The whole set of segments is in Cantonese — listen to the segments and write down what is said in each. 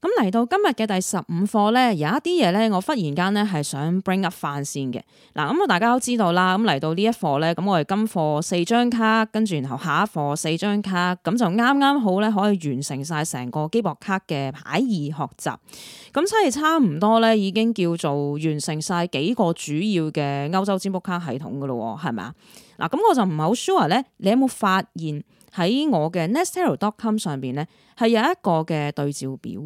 咁嚟到今日嘅第十五課呢，有一啲嘢呢，我忽然間呢係想 bring up 翻先嘅。嗱，咁啊大家都知道啦。咁嚟到呢一課呢，咁我哋今課四張卡，跟住然後下一課四張卡，咁就啱啱好呢，可以完成晒成個機博卡嘅牌義學習。咁所以差唔多呢，已經叫做完成晒幾個主要嘅歐洲占卜卡系統㗎喇喎，係咪啊？嗱，咁我就唔係好 sure 呢，你有冇發現喺我嘅 nestero.com 上面呢，係有一個嘅對照表？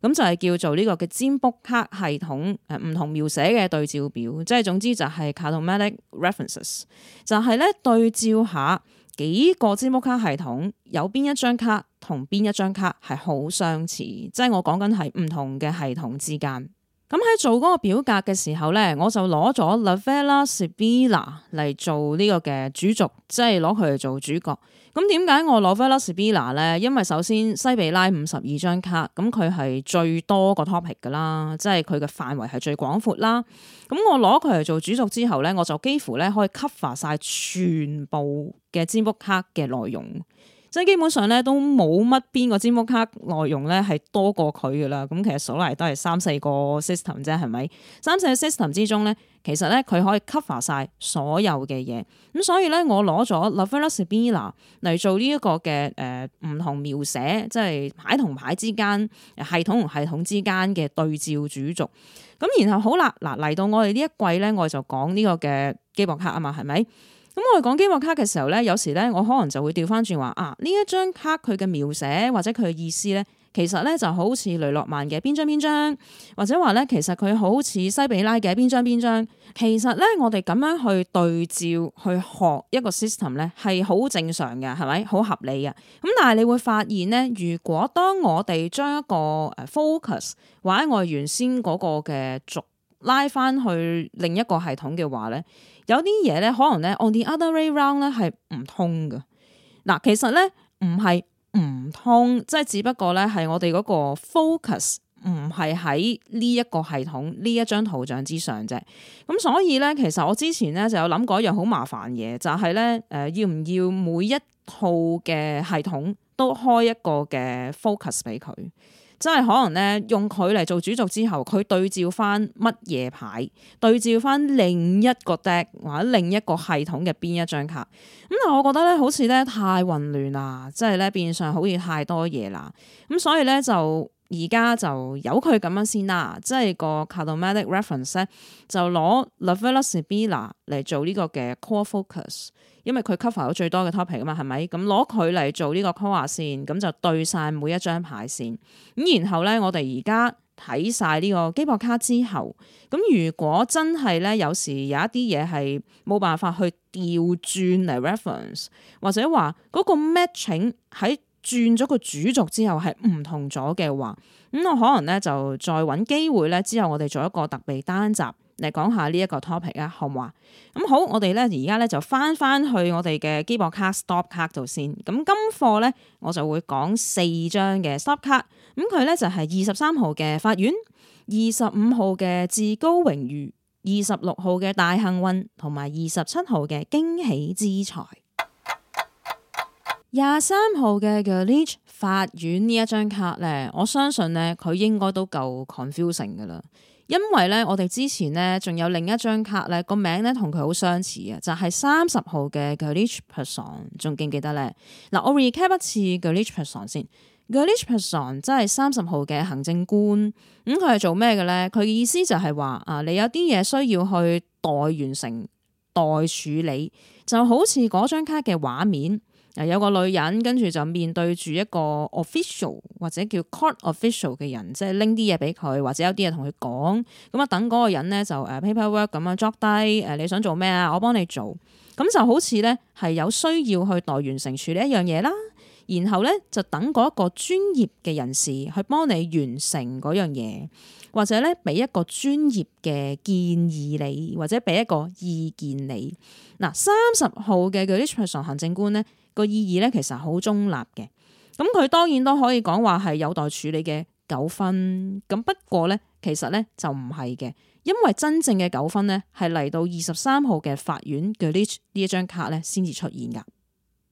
咁就係叫做呢個嘅占卜卡系統，誒唔同描寫嘅對照表，即係總之就係 cartomatic references，就係咧對照下幾個占卜卡系統有邊一張卡同邊一張卡係好相似，即係我講緊係唔同嘅系統之間。咁喺做嗰個表格嘅時候咧，我就攞咗 Lavela Sibila 嚟做呢個嘅主軸，即係攞佢嚟做主角。咁點解我攞 Lavela Sibila 咧？因為首先西比拉五十二張卡，咁佢係最多個 topic 噶啦，即係佢嘅範圍係最廣闊啦。咁我攞佢嚟做主軸之後咧，我就幾乎咧可以 cover 晒全部嘅占卜卡嘅內容。即係基本上咧，都冇乜邊個詹姆卡內容咧，係多過佢嘅啦。咁其實數嚟都係三四個 system 啫，係咪？三四個 system 之中咧，其實咧佢可以 cover 晒所有嘅嘢。咁所以咧，我攞咗 Loveless Bina 嚟做呢一個嘅誒唔同描寫，即係牌同牌之間、系統同系統之間嘅對照主軸。咁然後好啦，嗱嚟到我哋呢一季咧，我就講呢個嘅基博卡啊嘛，係咪？咁我哋講基諾卡嘅時候咧，有時咧我可能就會調翻轉話啊，呢一張卡佢嘅描寫或者佢嘅意思咧，其實咧就好似雷諾曼嘅邊張邊張，或者話咧其實佢好似西比拉嘅邊張邊張。其實咧我哋咁樣去對照去學一個 system 咧，係好正常嘅，係咪？好合理㗎！咁但係你會發現咧，如果當我哋將一個誒 focus，或者我哋原先嗰個嘅軸拉翻去另一個系統嘅話咧。有啲嘢咧，可能咧，on the other way round 咧，係唔通嘅。嗱，其實咧唔係唔通，即係只不過咧，係我哋嗰個 focus 唔係喺呢一個系統呢一張圖像之上啫。咁所以咧，其實我之前咧就有諗過一樣好麻煩嘢，就係咧誒，要唔要每一套嘅系統都開一個嘅 focus 俾佢？真係可能咧，用佢嚟做主軸之後，佢對照翻乜嘢牌，對照翻另一個 deck 或者另一個系統嘅邊一張卡，咁但係我覺得咧，好似咧太混亂啦，即係咧變相好似太多嘢啦，咁所以咧就。而家就由佢咁樣先啦，即係個 cardomatic reference 咧，就攞 La Vera Sibilla 嚟做呢個嘅 core focus，因為佢 cover 咗最多嘅 topic 啊嘛，係咪？咁攞佢嚟做呢個 core 線，咁就對晒每一張牌線。咁然後咧，我哋而家睇晒呢個機博卡之後，咁如果真係咧，有時有一啲嘢係冇辦法去調轉嚟 reference，或者話嗰個 matching 喺。轉咗個主軸之後係唔同咗嘅話，咁我可能咧就再揾機會咧，之後我哋做一個特別單集嚟講下呢一個 topic 啊，好唔好啊？咁好，我哋咧而家咧就翻翻去我哋嘅基博卡 stop 卡度先。咁今課咧我就會講四張嘅 stop 卡，咁佢咧就係二十三號嘅法院，二十五號嘅至高榮譽，二十六號嘅大幸運，同埋二十七號嘅驚喜之才。廿三號嘅 Garlic 法院，呢一張卡咧，我相信呢，佢應該都夠 confusing 噶啦。因為呢，我哋之前呢，仲有另一張卡呢，個名呢，同佢好相似啊，就係三十號嘅 Garlic Person。仲記唔記得呢？嗱，我 recap 一次 Garlic Person 先。Garlic Person 即係三十號嘅行政官。咁佢係做咩嘅呢？佢嘅意思就係話啊，你有啲嘢需要去代完成、代處理，就好似嗰張卡嘅畫面。有個女人跟住就面對住一個 official 或者叫 court official 嘅人，即係拎啲嘢俾佢，或者有啲嘢同佢講。咁啊，等嗰個人呢，就誒、呃、paperwork 咁樣做低。誒、呃，你想做咩啊？我幫你做。咁就好似呢，係有需要去代完成處理一樣嘢啦。然後呢，就等嗰一個專業嘅人士去幫你完成嗰樣嘢，或者呢，俾一個專業嘅建議你，或者俾一個意見你。嗱，三十號嘅 judicial 行政官呢。個意義咧，其實好中立嘅。咁佢當然都可以講話係有待處理嘅糾紛。咁不過咧，其實咧就唔係嘅，因為真正嘅糾紛咧係嚟到二十三號嘅法院，嘅呢呢一張卡咧先至出現噶。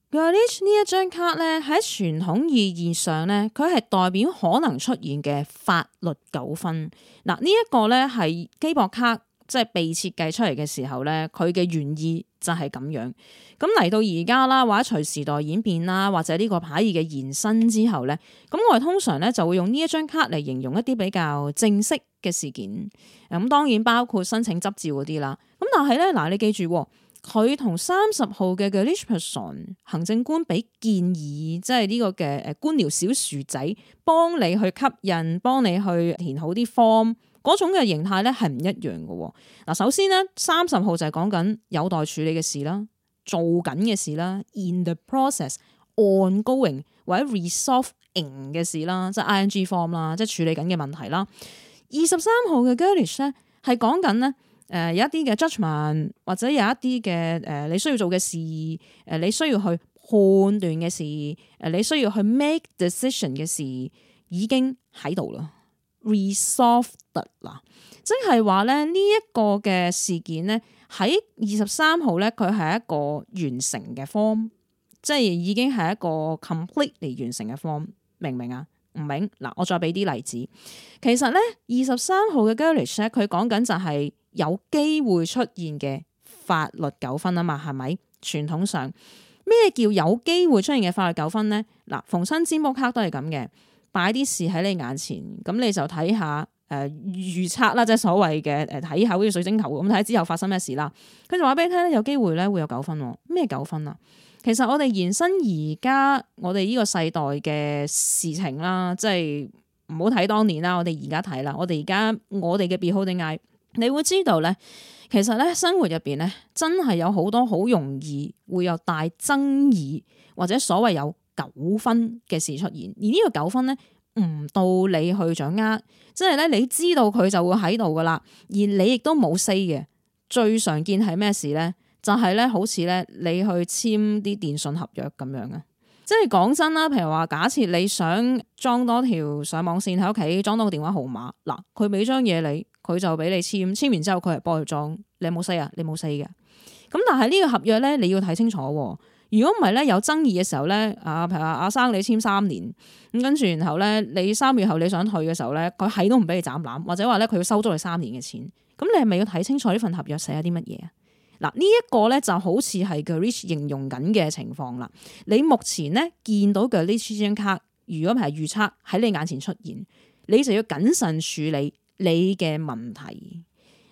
嘅呢一張卡咧喺傳統意義上咧，佢係代表可能出現嘅法律糾紛。嗱，呢一個咧係基博卡，即係被設計出嚟嘅時候咧，佢嘅原意。就係咁樣，咁嚟到而家啦，或者隨時代演變啦，或者呢個牌意嘅延伸之後咧，咁我哋通常咧就會用呢一張卡嚟形容一啲比較正式嘅事件，咁當然包括申請執照嗰啲啦。咁但係咧，嗱，你記住，佢同三十號嘅嘅 Richperson 行政官俾建議，即係呢個嘅誒官僚小薯仔幫你去吸引，幫你去填好啲 form。嗰種嘅形態咧係唔一樣嘅喎。嗱，首先咧，三十號就係講緊有待處理嘅事啦，做緊嘅事啦，in the process、ongoing 或者 resolving 嘅事啦，即係 ing form 啦，即係處理緊嘅問題啦。二十三號嘅 girlish 咧係講緊咧，誒有一啲嘅 judgment 或者有一啲嘅誒你需要做嘅事，誒你需要去判斷嘅事，誒你需要去 make decision 嘅事已經喺度啦。resolved 嗱，Res olved，即係話咧呢一個嘅事件咧，喺二十三號咧，佢係一個完成嘅 form，即係已經係一個 completely 完成嘅 form，明唔明啊？唔明嗱，我再俾啲例子，其實咧二十三號嘅 garage 咧，佢講緊就係有機會出現嘅法律糾紛啊嘛，係咪？傳統上咩叫有機會出現嘅法律糾紛咧？嗱，逢親尖博卡都係咁嘅。擺啲事喺你眼前，咁你就睇下，誒預測啦，即係所謂嘅，誒睇下好似水晶球咁睇下之後發生咩事啦。跟住話俾你聽咧，有機會咧會有糾紛喎，咩糾紛啊？其實我哋延伸而家我哋呢個世代嘅事情啦，即係唔好睇當年啦，我哋而家睇啦，我哋而家我哋嘅 beholding eye 你會知道咧，其實咧生活入邊咧真係有好多好容易會有大爭議或者所謂有，糾紛嘅事出現，而呢個糾紛呢，唔到你去掌握，即係咧你知道佢就會喺度噶啦，而你亦都冇 say 嘅。最常見係咩事呢？就係咧，好似咧你去簽啲電信合約咁樣嘅，即係講真啦。譬如話，假設你想裝多條上網線喺屋企，裝多個電話號碼，嗱，佢俾張嘢你，佢就俾你簽，簽完之後佢係幫佢裝，你有冇 say 啊，你冇 say 嘅。咁但係呢個合約呢，你要睇清楚。如果唔係咧，有爭議嘅時候咧，啊，譬如阿生你簽三年咁，跟住然後咧，你三月後你想退嘅時候咧，佢係都唔俾你斬攬，或者話咧，佢要收咗你三年嘅錢，咁你係咪要睇清楚呢份合約寫咗啲乜嘢啊？嗱，呢一個咧就好似係嘅 Rich 形容緊嘅情況啦。你目前呢見到嘅呢張卡，如果係預測喺你眼前出現，你就要謹慎處理你嘅問題。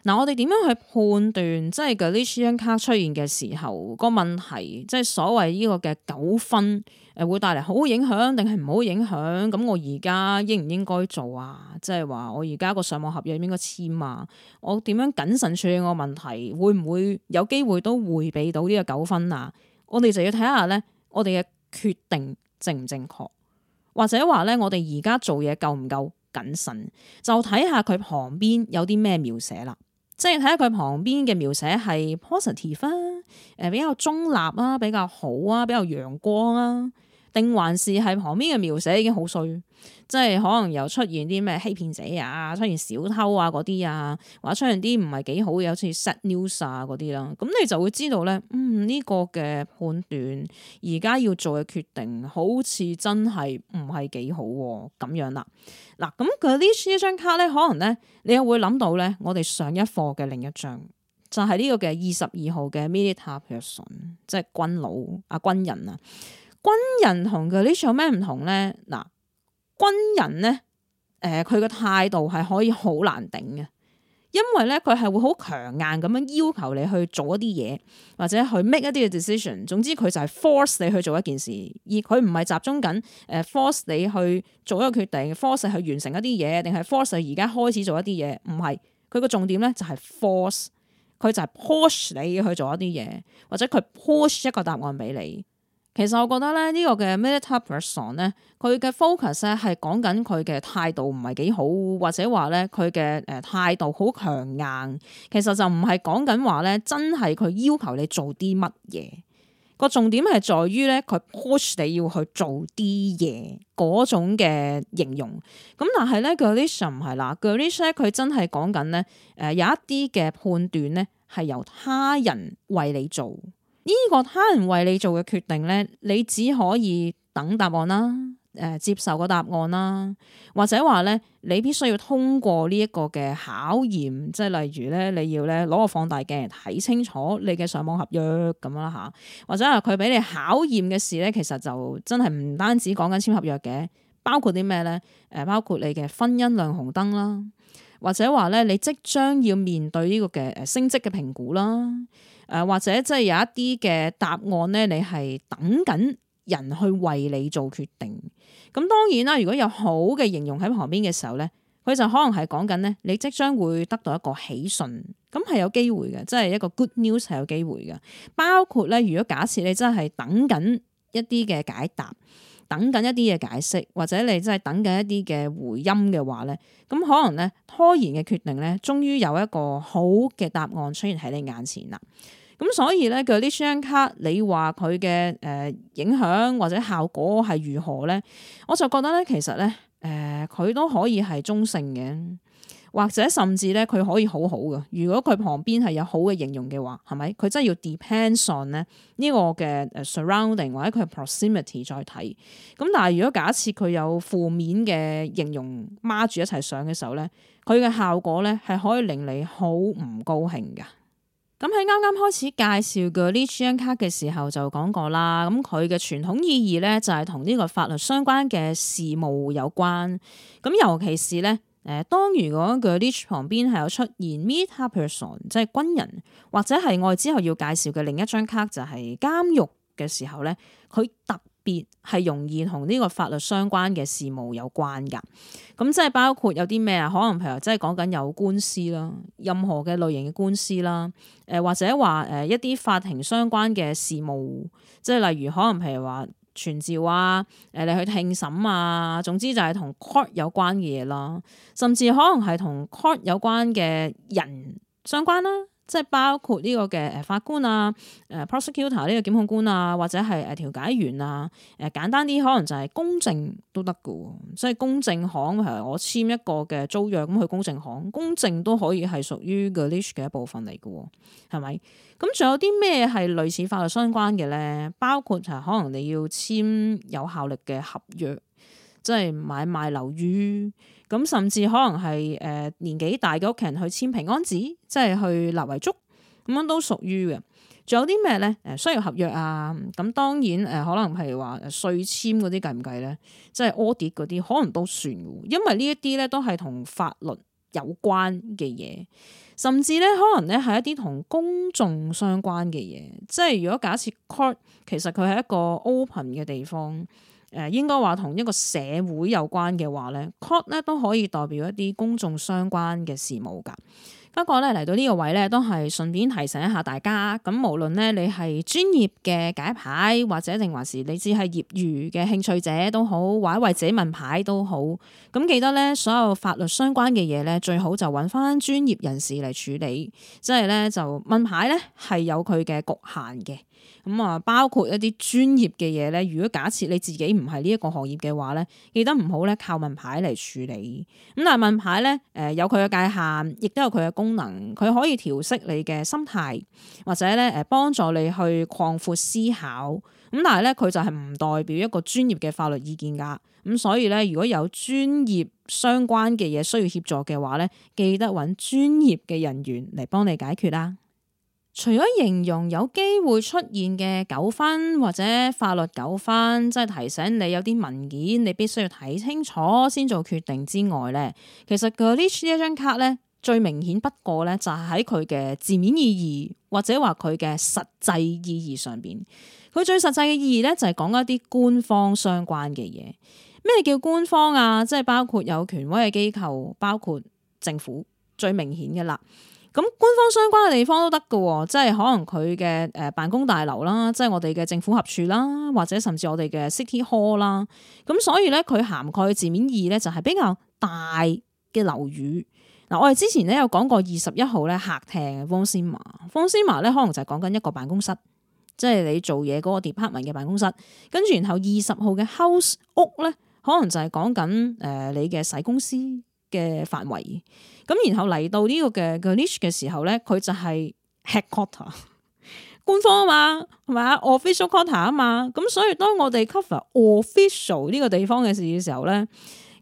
嗱、啊，我哋點樣去判斷，即係嘅呢張卡出現嘅時候個問題，即係所謂呢個嘅糾紛，誒、呃、會帶嚟好影響定係唔好影響？咁我而家應唔應該做啊？即係話我而家個上網合約應該簽啊？我點樣謹慎處理我問題？會唔會有機會都迴避到呢個糾紛啊？我哋就要睇下咧，我哋嘅決定正唔正確，或者話咧，我哋而家做嘢夠唔夠謹慎？就睇下佢旁邊有啲咩描寫啦。即係睇下佢旁邊嘅描寫係 positive 啊，誒，比較中立啊，比較好啊，比較陽光啊。定還是喺旁邊嘅描寫已經好衰，即係可能又出現啲咩欺騙者啊，出現小偷啊嗰啲啊，或者出現啲唔係幾好，嘅，有似 Set News 啊嗰啲啦，咁你就會知道咧，嗯呢、這個嘅判斷而家要做嘅決定好似真係唔係幾好咁、啊、樣啦。嗱咁佢呢一張卡咧，可能咧你又會諗到咧，我哋上一課嘅另一張就係、是、呢個嘅二十二號嘅 military person，即係軍佬啊軍人啊。軍人同嘅呢種有咩唔同咧？嗱、呃，軍人咧，誒、呃，佢嘅態度係可以好難頂嘅，因為咧佢係會好強硬咁樣要求你去做一啲嘢，或者去 make 一啲嘅 decision。總之佢就係 force 你去做一件事，而佢唔係集中緊誒 force 你去做一個決定，force 去完成一啲嘢，定係 force 而家開始做一啲嘢。唔係佢個重點咧，就係 force 佢就係 push 你去做一啲嘢，或者佢 push 一個答案俾你。其實我覺得咧，這個、呢個嘅 military person 咧，佢嘅 focus 咧係講緊佢嘅態度唔係幾好，或者話咧佢嘅誒態度好強硬。其實就唔係講緊話咧，真係佢要求你做啲乜嘢。個重點係在於咧，佢 push 你要去做啲嘢嗰種嘅形容。咁但係咧，Gritish 唔係啦，Gritish 咧佢真係講緊咧，誒有一啲嘅判斷咧係由他人為你做。呢個他人為你做嘅決定咧，你只可以等答案啦，誒、呃、接受個答案啦，或者話咧，你必須要通過呢一個嘅考驗，即係例如咧，你要咧攞個放大鏡睇清楚你嘅上網合約咁樣啦嚇，或者話佢俾你考驗嘅事咧，其實就真係唔單止講緊簽合約嘅，包括啲咩咧？誒，包括你嘅婚姻亮紅燈啦，或者話咧，你即將要面對呢個嘅誒升職嘅評估啦。誒，或者即係有一啲嘅答案呢，你係等緊人去為你做決定。咁當然啦，如果有好嘅形容喺旁邊嘅時候呢，佢就可能係講緊呢：「你即將會得到一個喜訊，咁係有機會嘅，即係一個 good news 係有機會嘅。包括呢，如果假設你真係等緊一啲嘅解答。等緊一啲嘅解釋，或者你真係等緊一啲嘅回音嘅話咧，咁可能咧，拖延嘅決定咧，終於有一個好嘅答案出現喺你眼前啦。咁所以咧，佢啲呢張卡你話佢嘅誒影響或者效果係如何咧？我就覺得咧，其實咧，誒、呃、佢都可以係中性嘅。或者甚至咧，佢可以好好嘅。如果佢旁邊係有好嘅形容嘅話，係咪？佢真係要 depends on 咧呢個嘅 surrounding 或者佢嘅 proximity 再睇。咁但係如果假設佢有負面嘅形容孖住一齊上嘅時候咧，佢嘅效果咧係可以令你好唔高興嘅。咁喺啱啱開始介紹嘅呢張卡嘅時候就講過啦。咁佢嘅傳統意義咧就係同呢個法律相關嘅事務有關。咁尤其是咧。誒、呃，當如果佢啲旁邊係有出現 Military Person，即係軍人，或者係我哋之後要介紹嘅另一張卡就係、是、監獄嘅時候咧，佢特別係容易同呢個法律相關嘅事務有關㗎。咁即係包括有啲咩啊？可能譬如真係講緊有官司啦，任何嘅類型嘅官司啦，誒、呃、或者話誒一啲法庭相關嘅事務，即係例如可能譬如話。傳召啊，誒你去聽審啊，總之就係同 court 有關嘅嘢咯，甚至可能係同 court 有關嘅人相關啦。即係包括呢個嘅誒法官啊、誒 prosecutor 呢個檢控官啊，或者係誒調解員啊、誒簡單啲可能就係公證都得㗎喎，即係公證行，譬如我簽一個嘅租約咁去公證行，公證都可以係屬於嘅 l i 嘅一部分嚟㗎喎，係咪？咁仲有啲咩係類似法律相關嘅咧？包括就係可能你要簽有效力嘅合約。即係買賣樓宇，咁甚至可能係誒年紀大嘅屋企人去簽平安紙，即係去立遺囑，咁樣都屬於嘅。仲有啲咩咧？誒，需要合約啊。咁當然誒、呃，可能係話稅簽嗰啲計唔計咧？即係 audit 嗰啲，可能都算。因為呢一啲咧都係同法律有關嘅嘢，甚至咧可能咧係一啲同公眾相關嘅嘢。即係如果假設 court 其實佢係一個 open 嘅地方。誒應該話同一個社會有關嘅話呢，code 都可以代表一啲公眾相關嘅事務㗎。不過呢，嚟到呢個位呢，都係順便提醒一下大家。咁無論呢，你係專業嘅解牌，或者定還是你只係業餘嘅興趣者都好，或者為自己問牌都好，咁記得呢，所有法律相關嘅嘢呢，最好就揾翻專業人士嚟處理。即係呢，就問牌呢係有佢嘅局限嘅。咁啊，包括一啲專業嘅嘢咧。如果假設你自己唔係呢一個行業嘅話咧，記得唔好咧靠問牌嚟處理。咁但係問牌咧，誒有佢嘅界限，亦都有佢嘅功能。佢可以調適你嘅心態，或者咧誒幫助你去擴闊思考。咁但係咧，佢就係唔代表一個專業嘅法律意見噶。咁所以咧，如果有專業相關嘅嘢需要協助嘅話咧，記得揾專業嘅人員嚟幫你解決啦。除咗形容有機會出現嘅糾紛或者法律糾紛，即係提醒你有啲文件你必須要睇清楚先做決定之外呢，其實個呢一張卡咧，最明顯不過咧就係喺佢嘅字面意義或者話佢嘅實際意義上邊，佢最實際嘅意義咧就係講一啲官方相關嘅嘢。咩叫官方啊？即係包括有權威嘅機構，包括政府，最明顯嘅啦。咁官方相關嘅地方都得㗎，即係可能佢嘅誒辦公大樓啦，即係我哋嘅政府合署啦，或者甚至我哋嘅 City Hall 啦。咁所以咧，佢涵蓋嘅字面意義咧就係比較大嘅樓宇。嗱，我哋之前咧有講過二十一號咧客廳 Wanima，Wanima 咧可能就係講緊一個辦公室，即係你做嘢嗰個 department 嘅辦公室。跟住然後二十號嘅 house 屋咧，可能就係講緊誒你嘅洗公司。嘅範圍，咁然後嚟到呢個嘅嘅 reach 嘅時候咧，佢就係 headquarter 官方啊嘛，係咪 official quarter 啊嘛，咁所以當我哋 cover official 呢個地方嘅事嘅時候咧，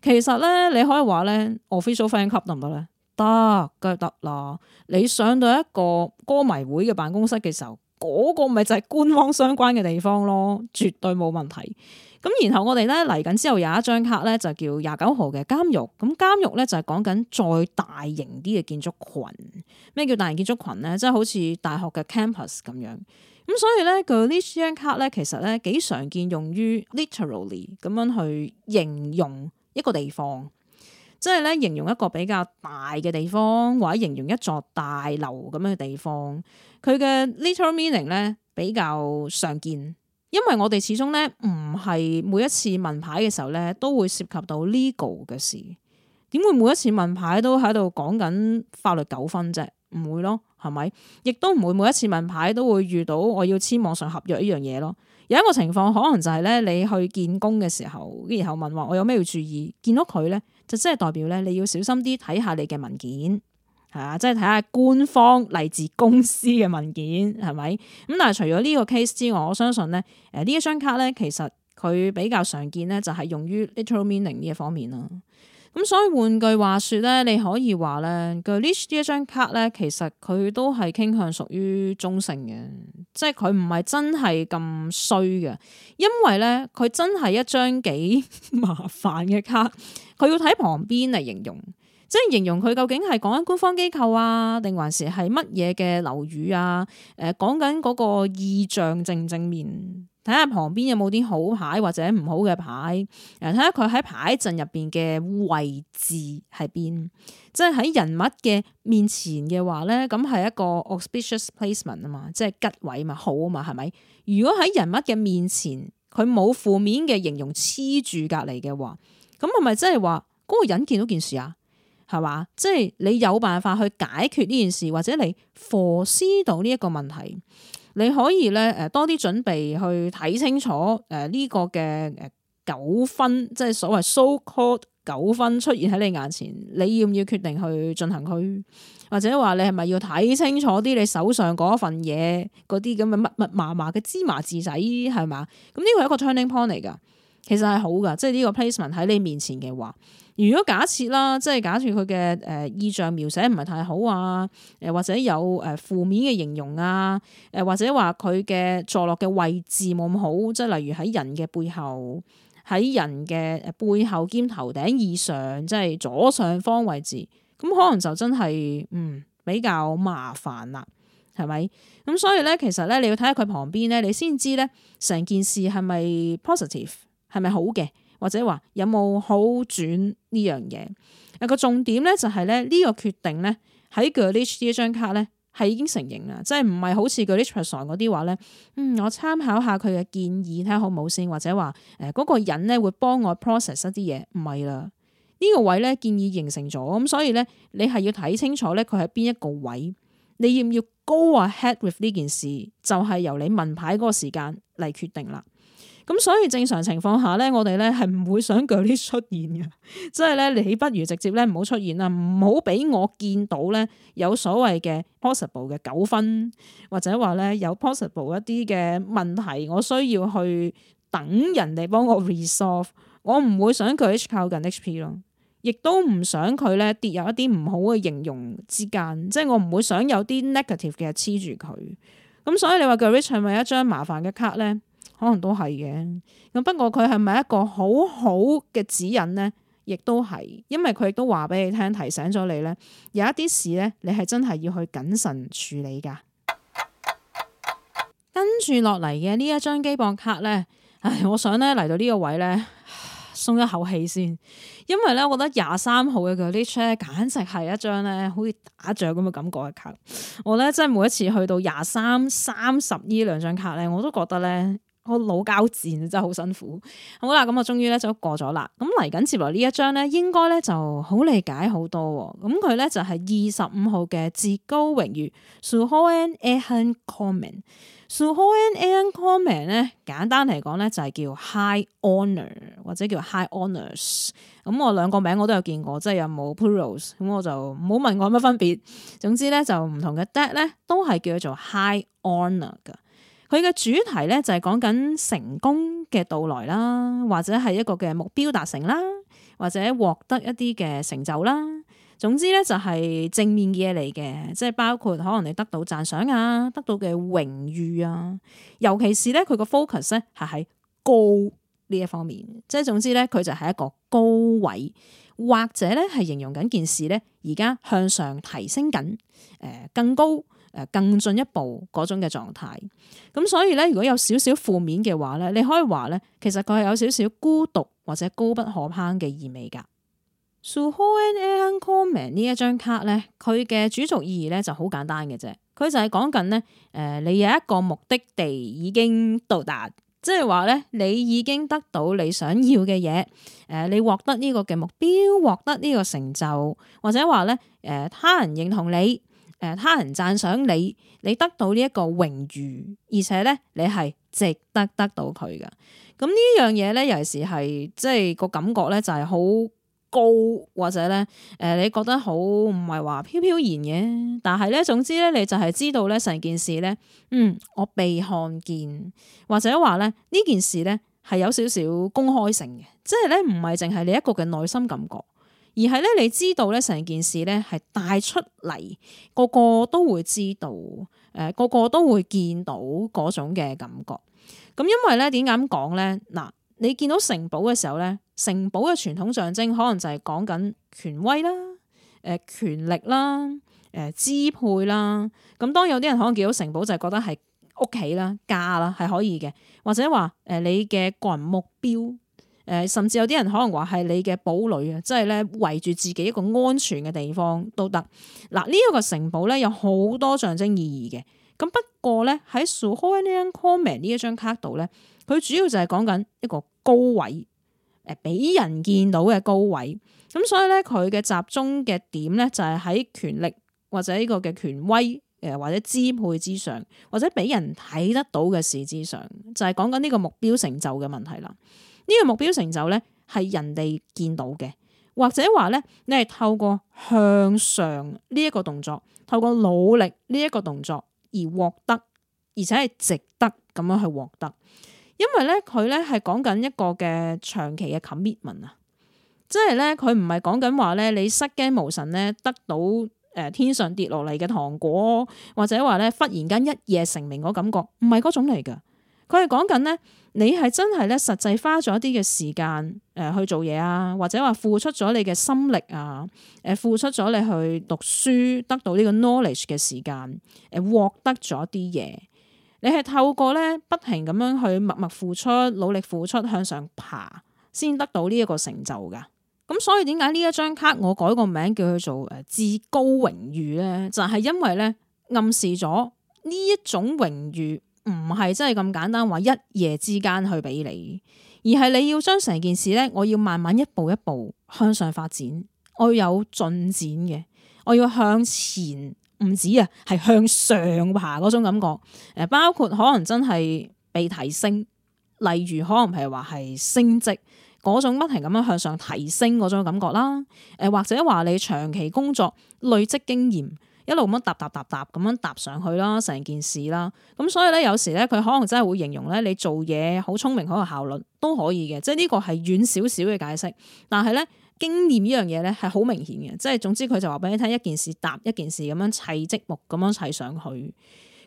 其實咧你可以話咧、嗯、official fan club 得唔得咧？得，梗係得啦。你上到一個歌迷會嘅辦公室嘅時候，嗰、那個咪就係官方相關嘅地方咯，絕對冇問題。咁然後我哋咧嚟緊之後有一張卡咧就叫廿九號嘅監獄。咁監獄咧就係講緊再大型啲嘅建築群。咩叫大型建築群咧？即係好似大學嘅 campus 咁樣。咁所以咧，佢呢張卡咧其實咧幾常見用於 literally 咁樣去形容一個地方，即係咧形容一個比較大嘅地方，或者形容一座大樓咁樣嘅地方。佢嘅 literal meaning 咧比較常見。因為我哋始終咧唔係每一次問牌嘅時候咧都會涉及到 legal 嘅事，點會每一次問牌都喺度講緊法律糾紛啫？唔會咯，係咪？亦都唔會每一次問牌都會遇到我要簽網上合約呢樣嘢咯。有一個情況可能就係咧，你去見工嘅時候，然後問話我有咩要注意，見到佢咧就即係代表咧你要小心啲睇下你嘅文件。係啊，即係睇下官方嚟自公司嘅文件係咪？咁但係除咗呢個 case 之外，我相信咧，誒呢一張卡咧，其實佢比較常見咧，就係用於 literal meaning 呢一方面啦。咁所以換句話說咧，你可以話咧，個 list 呢一張卡咧，其實佢都係傾向屬於中性嘅，即係佢唔係真係咁衰嘅，因為咧佢真係一張幾麻煩嘅卡，佢要睇旁邊嚟形容。即係形容佢究竟係講緊官方機構啊，定還是係乜嘢嘅樓宇啊？誒、呃，講緊嗰個意象正正面，睇下旁邊有冇啲好牌或者唔好嘅牌，誒，睇下佢喺牌陣入邊嘅位置係邊。即係喺人物嘅面前嘅話咧，咁係一個 auspicious placement 啊嘛，即係吉位嘛，好啊嘛，係咪？如果喺人物嘅面前佢冇負面嘅形容黐住隔離嘅話，咁係咪即係話嗰個人見到件事啊？係嘛？即係你有辦法去解決呢件事，或者你 foresee 到呢一個問題，你可以咧誒多啲準備去睇清楚誒呢、呃這個嘅誒糾紛，即係所謂 so called 糾紛出現喺你眼前，你要唔要決定去進行佢或者話你係咪要睇清楚啲你手上嗰一份嘢，嗰啲咁嘅密密麻麻嘅芝麻字仔，係嘛？咁呢個係一個 turning point 嚟㗎。其實係好㗎，即係呢個 placement 喺你面前嘅話。如果假設啦，即係假設佢嘅誒意象描寫唔係太好啊，誒或者有誒負面嘅形容啊，誒或者話佢嘅坐落嘅位置冇咁好，即係例如喺人嘅背後，喺人嘅背後兼頭頂以上，即係左上方位置，咁可能就真係嗯比較麻煩啦，係咪？咁所以咧，其實咧，你要睇下佢旁邊咧，你先知咧，成件事係咪 positive。係咪好嘅？或者話有冇好轉呢樣嘢？個重點咧就係咧呢個決定咧喺 Garlic 呢一張卡咧係已經成型啦，即係唔係好似 Garlic Person 嗰啲話咧，嗯，我參考下佢嘅建議睇下好唔好先，或者話，誒嗰個人咧會幫我 process 一啲嘢，唔係啦，呢個位咧建議形成咗，咁所以咧，你係要睇清楚咧佢喺邊一個位，你要唔要 go a head with 呢件事就係、是、由你問牌嗰個時間嚟決定啦。咁所以正常情況下咧，我哋咧係唔會想 Gary 出現嘅，即係咧你不如直接咧唔好出現啦，唔好俾我見到咧有所謂嘅 possible 嘅糾紛，或者話咧有 possible 一啲嘅問題，我需要去等人哋幫我 resolve，我唔會想佢靠近 HP 咯，亦都唔想佢咧跌入一啲唔好嘅形容之間，即係我唔會想有啲 negative 嘅黐住佢。咁所以你話 Gary 係咪一張麻煩嘅卡 a 咧？可能都係嘅，咁不過佢係咪一個好好嘅指引呢？亦都係，因為佢亦都話俾你聽，提醒咗你呢。有一啲事呢，你係真係要去謹慎處理噶。跟住落嚟嘅呢一張機博卡呢，唉，我想呢嚟到呢個位呢，鬆一口氣先，因為呢，我覺得廿三號嘅嗰啲 card 簡直係一張呢，好似打仗咁嘅感覺嘅 c 我呢，真係每一次去到廿三三十呢兩張卡呢，我都覺得呢。個腦交戰真係好辛苦，好啦，咁我終於咧就過咗啦。咁嚟緊接來呢一章咧，應該咧就好理解好多。咁佢咧就係二十五號嘅至高榮譽，sohoan ahen common，sohoan ahen common 咧，簡單嚟講咧就係叫 high honour 或者叫 high honours。咁我兩個名我都有見過，即係有冇 pros，咁我就唔好問我有乜分別。總之咧就唔同嘅 dead 咧都係叫做 high honour 噶。佢嘅主題咧就係講緊成功嘅到來啦，或者係一個嘅目標達成啦，或者獲得一啲嘅成就啦。總之咧就係正面嘢嚟嘅，即係包括可能你得到讚賞啊，得到嘅榮譽啊，尤其是咧佢個 focus 咧係喺高呢一方面，即係總之咧佢就係一個高位，或者咧係形容緊件事咧而家向上提升緊，誒、呃、更高。誒更進一步嗰種嘅狀態，咁所以咧，如果有少少負面嘅話咧，你可以話咧，其實佢係有少少孤獨或者高不可攀嘅意味㗎。So how an anchorman 呢一張卡咧，佢嘅主軸意義咧就好簡單嘅啫，佢就係講緊呢，誒、呃，你有一個目的地已經到達，即係話咧，你已經得到你想要嘅嘢，誒、呃，你獲得呢個嘅目標，獲得呢個成就，或者話咧，誒、呃，他人認同你。誒、呃，他人讚賞你，你得到呢一個榮譽，而且咧，你係值得得到佢嘅。咁呢樣嘢咧，尤其是係即係個感覺咧，就係好高，或者咧，誒、呃，你覺得好唔係話飄飄然嘅。但係咧，總之咧，你就係知道咧，成件事咧，嗯，我被看見，或者話咧，呢件事咧係有少少公開性嘅，即係咧，唔係淨係你一個嘅內心感覺。而係咧，你知道咧，成件事咧係帶出嚟，個個都會知道，誒，個個都會見到嗰種嘅感覺。咁因為咧，點解咁講咧？嗱，你見到城堡嘅時候咧，城堡嘅傳統象徵可能就係講緊權威啦、誒權力啦、誒支配啦。咁當有啲人可能見到城堡就係覺得係屋企啦、家啦，係可以嘅，或者話誒你嘅個人目標。誒，甚至有啲人可能話係你嘅堡壘啊，即係咧圍住自己一個安全嘅地方都得。嗱，呢一個城堡咧有好多象徵意義嘅。咁不過咧喺 sovereign command 呢一張卡度咧，佢主要就係講緊一個高位，誒俾人見到嘅高位。咁所以咧佢嘅集中嘅點咧就係喺權力或者呢個嘅權威，誒或者支配之上，或者俾人睇得到嘅事之上，就係講緊呢個目標成就嘅問題啦。呢個目標成就咧，係人哋見到嘅，或者話咧，你係透過向上呢一個動作，透過努力呢一個動作而獲得，而且係值得咁樣去獲得。因為咧，佢咧係講緊一個嘅長期嘅 commitment 啊，即係咧，佢唔係講緊話咧，你失驚無神咧得到誒天上跌落嚟嘅糖果，或者話咧忽然間一夜成名嗰感覺，唔係嗰種嚟㗎。佢係講緊呢，你係真係咧，實際花咗一啲嘅時間誒去做嘢啊，或者話付出咗你嘅心力啊，誒付出咗你去讀書得到呢個 knowledge 嘅時間，誒獲得咗啲嘢，你係透過呢不停咁樣去默默付出、努力付出、向上爬，先得到呢一個成就噶咁所以點解呢一張卡我改個名叫佢做至高榮譽呢？就係因為呢暗示咗呢一種榮譽。唔係真係咁簡單話一夜之間去俾你，而係你要將成件事咧，我要慢慢一步一步向上發展，我要有進展嘅，我要向前，唔止啊，係向上爬嗰種感覺。誒，包括可能真係被提升，例如可能譬如話係升職嗰種不停咁樣向上提升嗰種感覺啦。誒，或者話你長期工作累積經驗。一路咁樣搭搭搭搭咁樣搭上去啦，成件事啦，咁所以咧，有時咧佢可能真係會形容咧，你做嘢好聰明，好有效率都可以嘅，即係呢個係遠少少嘅解釋。但係咧，經驗呢樣嘢咧係好明顯嘅，即係總之佢就話俾你聽，一件事搭一件事咁樣砌積木，咁樣砌上去。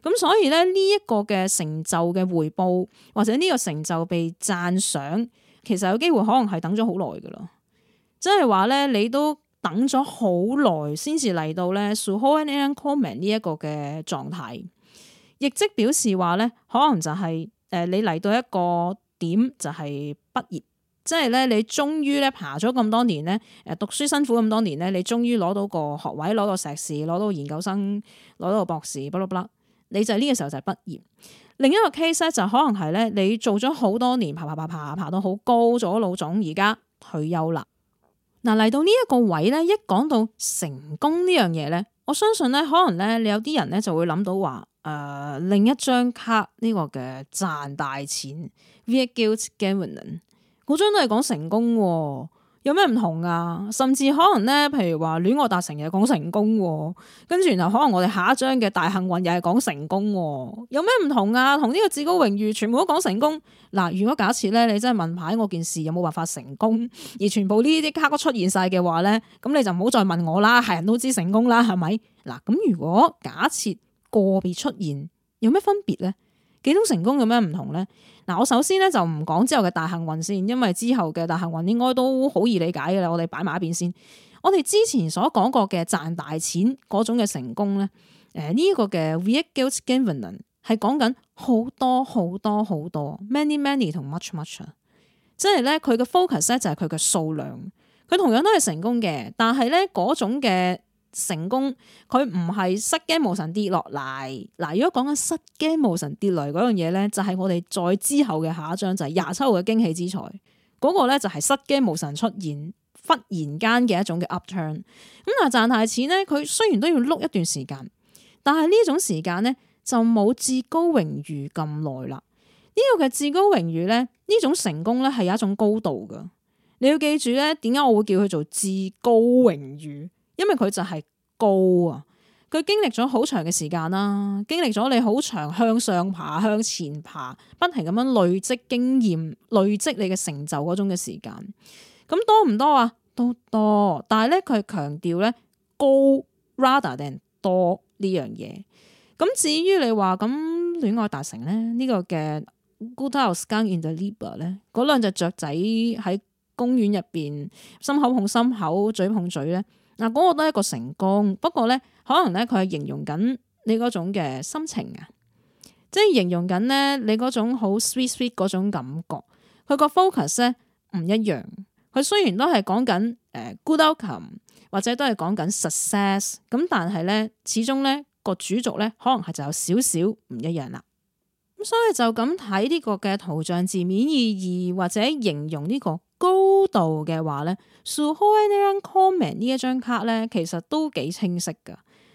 咁所以咧呢一個嘅成就嘅回報，或者呢個成就被讚賞，其實有機會可能係等咗好耐噶啦。即係話咧，你都。等咗好耐，先至嚟到咧，so called common 呢一個嘅狀態，亦即表示話咧，可能就係、是、誒、呃，你嚟到一個點就係、是、畢業，即係咧，你終於咧爬咗咁多年咧，誒，讀書辛苦咁多年咧，你終於攞到個學位，攞到碩士，攞到研究生，攞到個博士，不啦不啦，你就係呢個時候就係畢業。另一個 case 咧就是、可能係咧，你做咗好多年，爬爬爬爬，爬，爬到好高咗，老總而家退休啦。嗱，嚟到呢一個位咧，一講到成功呢樣嘢咧，我相信咧可能咧，你有啲人咧就會諗到話，誒、呃、另一張卡呢、這個嘅賺大錢，v e r g i l d gambling，嗰張都係講成功喎。有咩唔同啊？甚至可能咧，譬如話戀愛達成又講成功，跟住然後可能我哋下一張嘅大幸運又係講成功。有咩唔同啊？同呢個至高榮譽全部都講成功。嗱，如果假設咧，你真係問牌我件事有冇辦法成功，而全部呢啲卡，卡都出現晒嘅話咧，咁你就唔好再問我啦。係人都知成功啦，係咪？嗱，咁如果假設個別出現有咩分別咧？幾種成功有咩唔同咧？嗱，我首先咧就唔講之後嘅大幸運先，因為之後嘅大幸運應該都好易理解嘅啦。我哋擺埋一邊先。我哋之前所講過嘅賺大錢嗰種嘅成功咧，誒、這、呢個嘅 w e a c t governance 係講緊好多好多好多 many many 同 much much 啊，即係咧佢嘅 focus 咧就係佢嘅數量，佢同樣都係成功嘅，但係咧嗰種嘅成功佢唔係失驚無神跌落嚟，嗱，如果講緊失驚無神跌落嚟嗰樣嘢咧，就係我哋再之後嘅下一章就係廿七號嘅驚喜之才。嗰個咧就係失驚無神出現忽然間嘅一種嘅 upturn，咁但係賺大錢咧佢雖然都要碌一段時間，但係呢種時間咧就冇至高榮譽咁耐啦。呢個嘅至高榮譽咧呢種成功咧係有一種高度噶，你要記住咧點解我會叫佢做至高榮譽。因為佢就係高啊，佢經歷咗好長嘅時間啦，經歷咗你好長向上爬、向前爬，不停咁樣累積經驗、累積你嘅成就嗰種嘅時間。咁多唔多啊？都多，多，但係咧佢係強調咧高，rather than 多呢樣嘢。咁至於你話咁戀愛達成咧呢、呢個嘅 good house gang interliber 咧，嗰兩隻雀仔喺公園入邊心口碰心口、嘴碰嘴咧。嗱，嗰個都係一個成功，不過咧，可能咧佢係形容緊你嗰種嘅心情啊，即係形容緊咧你嗰種好 sweet sweet 嗰種感覺。佢個 focus 咧唔一樣，佢雖然都係講緊誒 good outcome 或者都係講緊 success，咁但係咧，始終咧個主軸咧可能係就有少少唔一樣啦。咁所以就咁睇呢個嘅圖像字面意義或者形容呢個。高度嘅話咧，Soho and comment 呢一張卡咧，其實都幾清晰㗎。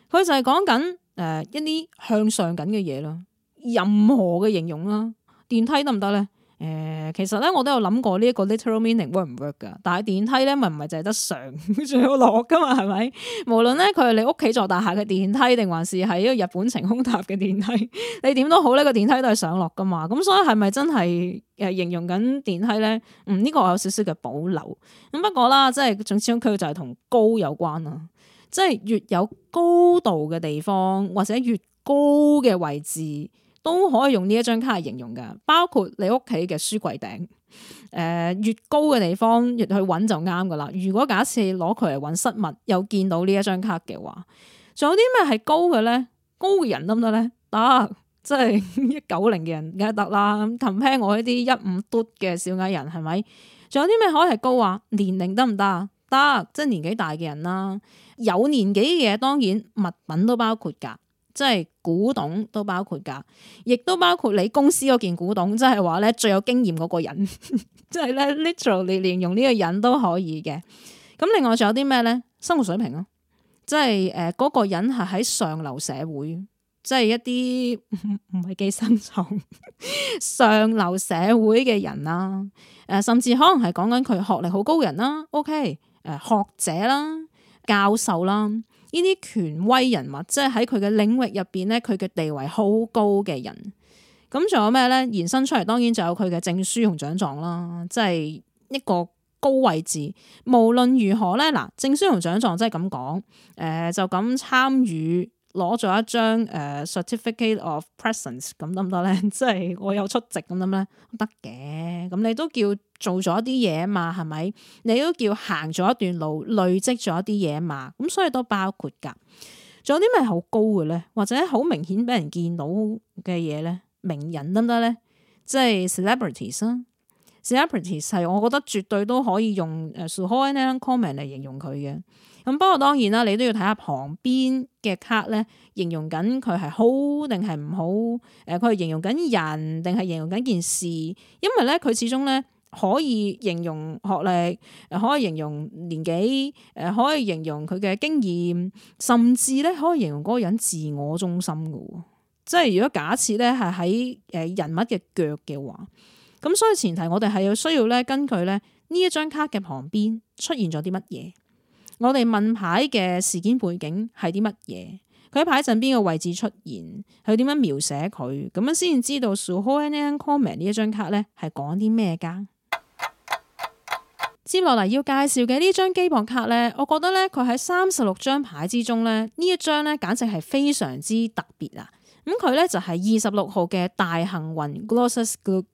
佢就係講緊誒一啲向上緊嘅嘢咯。任何嘅形容啦，電梯得唔得咧？誒、呃，其實咧，我都有諗過呢一個 literal meaning work 唔 work 㗎。但係電梯咧，咪唔係淨係得上，仲要落㗎嘛，係咪？無論咧，佢係你屋企座大廈嘅電梯，定還是係一個日本晴空塔嘅電梯，你點都好呢、呢個電梯都係上落㗎嘛。咁所以係咪真係誒形容緊電梯咧？嗯，呢、呢個我有少少嘅保留。咁不過啦，即係總之，佢就係同高有關啦。即係越有高度嘅地方，或者越高嘅位置。都可以用呢一張卡嚟形容噶，包括你屋企嘅書櫃頂，誒、呃、越高嘅地方越去揾就啱噶啦。如果假設攞佢嚟揾失物，有見到呢一張卡嘅話，仲有啲咩係高嘅咧？高嘅人得唔得咧？得，即係一九零嘅人梗係得啦。咁 compare 我呢啲一五嘟嘅小矮人係咪？仲有啲咩可以係高啊？年齡得唔得啊？得，即係年紀大嘅人啦，有年紀嘅嘢當然物品都包括㗎。即係古董都包括噶，亦都包括你公司嗰件古董。即係話咧，最有經驗嗰個人， 即係咧，literal 你形容呢個人都可以嘅。咁另外仲有啲咩咧？生活水平咯，即係誒，嗰，呃嗰個人係喺上流社會，即係一啲唔係幾深層 上流社會嘅人啦，啊。誒，呃，甚至可能係講緊佢學歷好高人啦。OK，誒，呃，學者啦，教授啦。呢啲權威人物，即係喺佢嘅領域入邊咧，佢嘅地位好高嘅人。咁仲有咩咧？延伸出嚟，當然就有佢嘅證書同獎狀啦。即係一個高位置。無論如何咧，嗱，證書同獎狀即係咁講，誒、呃、就咁參與。攞咗一張誒 Certificate of Presence 咁得唔得咧？即 係我有出席咁得唔得？得嘅，咁你都叫做咗一啲嘢嘛？係咪？你都叫行咗一段路，累積咗一啲嘢嘛？咁所以都包括㗎。仲有啲咩好高嘅咧？或者好明顯俾人見到嘅嘢咧？名人得唔得咧？即係 celebrities 啊！就是 s 係，我覺得絕對都可以用誒 so、uh、hand comment 嚟形容佢嘅。咁不過當然啦，你都要睇下旁邊嘅 card 咧，形容緊佢係好定係唔好。誒，佢係形容緊人定係形容緊件事？因為咧，佢始終咧可以形容學歷，可以形容年紀，誒可以形容佢嘅經驗，甚至咧可以形容嗰個人自我中心嘅。即係如果假設咧係喺誒人物嘅腳嘅話。咁所以前提我哋係要需要咧，根據咧呢一張卡嘅旁邊出現咗啲乜嘢，我哋問牌嘅事件背景係啲乜嘢，佢喺牌陣邊個位置出現，佢點樣描寫佢，咁樣先知道。Soho N N Comment 呢一張卡咧係講啲咩噶？接落嚟要介紹嘅呢張機磅卡咧，我覺得咧佢喺三十六張牌之中咧呢一張咧簡直係非常之特別啊！咁佢咧就係二十六號嘅大幸運 Grosses Glück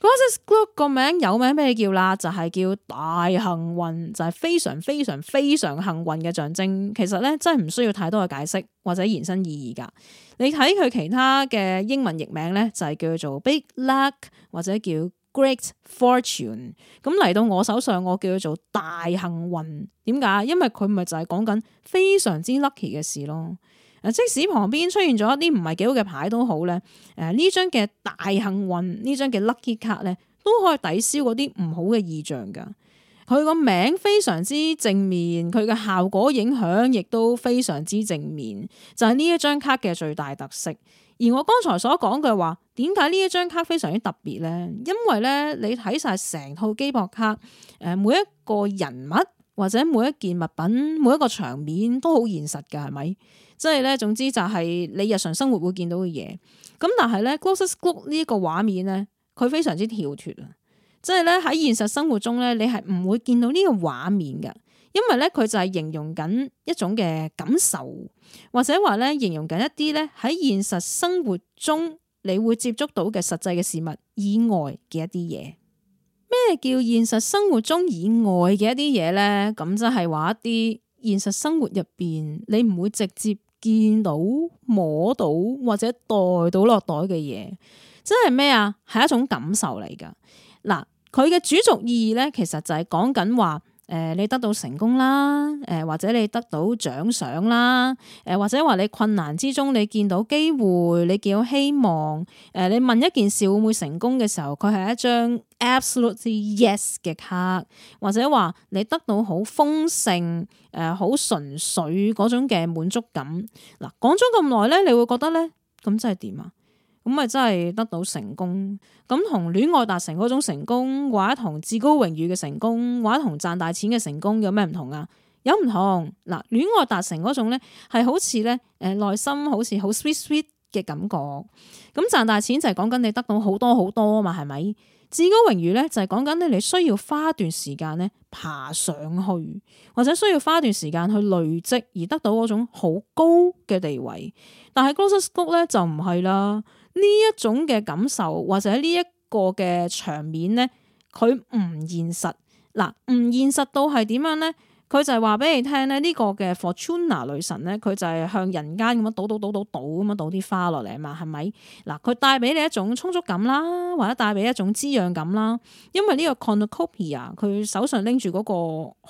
Glosses Group 個名有名咩叫啦？就係叫大幸運，就係非常非常非常幸運嘅象徵。其實咧，真係唔需要太多嘅解釋或者延伸意義㗎。你睇佢其他嘅英文譯名咧，就係叫做 Big Luck 或者叫 Great Fortune。咁嚟到我手上，我叫佢做大幸運。點解？因為佢咪就係講緊非常之 lucky 嘅事咯。即使旁邊出現咗一啲唔係幾好嘅牌都好咧，誒呢張嘅大幸運，呢張嘅 lucky 卡咧，都可以抵消嗰啲唔好嘅意象噶佢個名非常之正面，佢嘅效果影響亦都非常之正面，就係呢一張卡嘅最大特色。而我剛才所講嘅話，點解呢一張卡非常之特別呢？因為呢，你睇晒成套基博卡，每一個人物或者每一件物品、每一個場面都好現實噶係咪？即係咧，總之就係你日常生活會見到嘅嘢。咁但係咧，close to close 呢個畫面呢，佢非常之跳脫。即係咧喺現實生活中呢，你係唔會見到呢個畫面嘅，因為咧佢就係形容緊一種嘅感受，或者話咧形容緊一啲咧喺現實生活中你會接觸到嘅實際嘅事物以外嘅一啲嘢。咩叫現實生活中以外嘅一啲嘢呢？咁即係話一啲現實生活入邊你唔會直接。見到摸到或者袋到落袋嘅嘢，真係咩啊？係一種感受嚟噶。嗱，佢嘅主軸意義咧，其實就係講緊話。誒、呃、你得到成功啦，誒、呃、或者你得到獎賞啦，誒、呃、或者話你困難之中你見到機會，你見到希望，誒、呃、你問一件事會唔會成功嘅時候，佢係一張 absolutely yes 嘅卡，或者話你得到好豐盛，誒、呃、好純粹嗰種嘅滿足感。嗱，講咗咁耐咧，你會覺得咧，咁即係點啊？咁咪真係得到成功咁，同戀愛達成嗰種成功，或者同至高榮譽嘅成功，或者同賺大錢嘅成功有咩唔同啊？有唔同嗱，戀愛達成嗰種咧，係好似咧誒，內心好似好 sweet sweet 嘅感覺。咁賺大錢就係講緊你得到好多好多啊，嘛係咪？至高榮譽咧就係講緊咧你需要花段時間咧爬上去，或者需要花段時間去累積而得到嗰種好高嘅地位。但係 Glossus 谷咧就唔係啦。呢一種嘅感受或者呢一個嘅場面咧，佢唔現實。嗱，唔現實到係點樣咧？佢就係話俾你聽咧，呢個嘅 Fortuna 女神咧，佢就係向人間咁樣倒倒倒倒倒咁樣倒啲花落嚟啊嘛，係咪？嗱，佢帶俾你一種充足感啦，或者帶俾一種滋養感啦，因為呢個 Cornucopia 佢手上拎住嗰個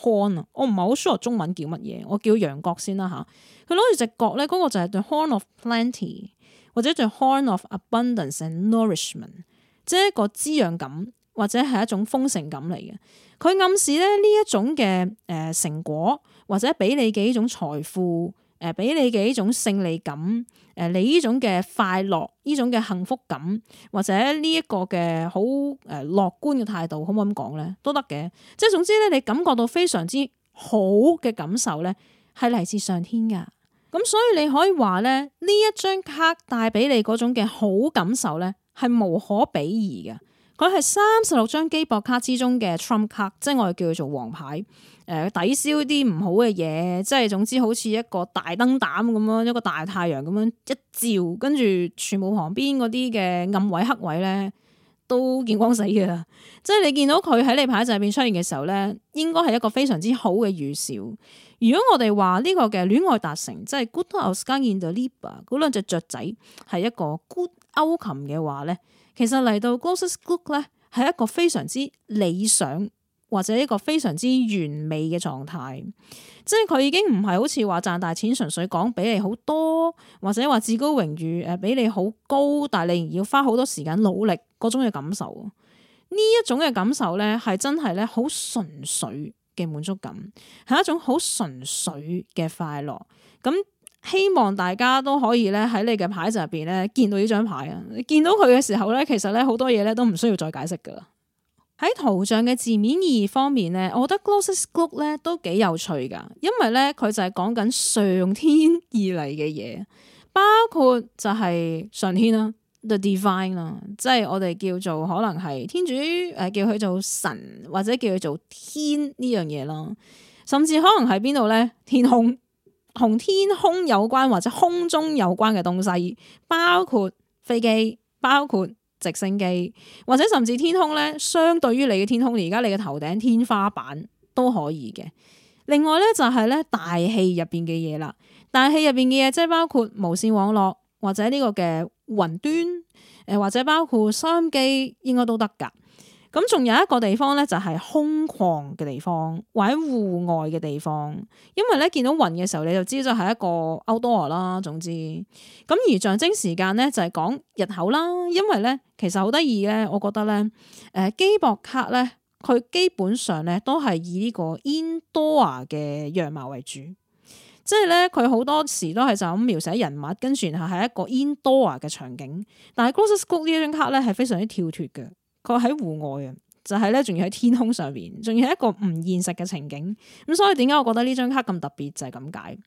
horn 啊，我唔係好 sure，中文叫乜嘢，我叫羊角先啦吓，佢攞住隻角咧，嗰個就係 the horn of plenty。或者做 Horn of Abundance and Nourishment，即係一個滋養感，或者係一種豐盛感嚟嘅。佢暗示咧呢一種嘅誒成果，或者俾你嘅一種財富，誒、呃、俾你嘅呢種勝利感，誒、呃、你呢種嘅快樂，呢種嘅幸福感，或者呢一個嘅好誒樂觀嘅態度，可唔可以咁講咧？都得嘅。即係總之咧，你感覺到非常之好嘅感受咧，係嚟自上天噶。咁所以你可以話咧，呢一張卡帶俾你嗰種嘅好感受咧，係無可比擬嘅。佢係三十六張機博卡之中嘅 Trump 卡，即係我哋叫佢做王牌。誒、呃，抵消啲唔好嘅嘢，即係總之好似一個大燈膽咁樣，一個大太陽咁樣一照，跟住全部旁邊嗰啲嘅暗位黑位咧，都見光死㗎喇。即係你見到佢喺你牌入面出現嘅時候咧，應該係一個非常之好嘅預兆。如果我哋話呢個嘅戀愛達成，即係 Good House Gang in the Liba 嗰兩隻雀仔係一個 Good 歐琴嘅話咧，其實嚟到 Glosses Good gl 咧係一個非常之理想，或者一個非常之完美嘅狀態，即係佢已經唔係好似話賺大錢，純粹講俾你好多，或者話至高榮譽誒俾你好高，但係你仍然要花好多時間努力嗰種嘅感受。呢一種嘅感受咧係真係咧好純粹嘅滿足感係一種好純粹嘅快樂，咁希望大家都可以咧喺你嘅牌集入邊咧見到呢張牌啊！見到佢嘅時候咧，其實咧好多嘢咧都唔需要再解釋噶啦。喺圖像嘅字面意義方面咧，我覺得 Glossus Globe 咧都幾有趣噶，因為咧佢就係講緊上天而嚟嘅嘢，包括就係上天啦。the divine 咯，即係我哋叫做可能係天主，誒、呃、叫佢做神或者叫佢做天呢樣嘢咯。甚至可能喺邊度咧，天空同天空有關或者空中有關嘅東西，包括飛機，包括直升機，或者甚至天空咧，相對於你嘅天空，而家你嘅頭頂天花板都可以嘅。另外咧就係、是、咧大氣入邊嘅嘢啦，大氣入邊嘅嘢即係包括無線網絡或者呢個嘅。雲端，誒或者包括收音機應該都得㗎。咁仲有一個地方咧，就係空曠嘅地方，或者戶外嘅地方，因為咧見到雲嘅時候你就知就係一個 outdoor 啦。總之，咁而象徵時間咧就係講日頭啦，因為咧其實好得意咧，我覺得咧，誒基博卡咧佢基本上咧都係以呢個 indoor 嘅樣貌為主。即係咧，佢好多時都係就咁描寫人物，跟住然後係一個 indoor 嘅場景。但係 Groses School 呢張卡咧係非常之跳脫嘅，佢喺戶外啊，就係咧仲要喺天空上面，仲要係一個唔現實嘅情景。咁所以點解我覺得呢張卡咁特別就係咁解。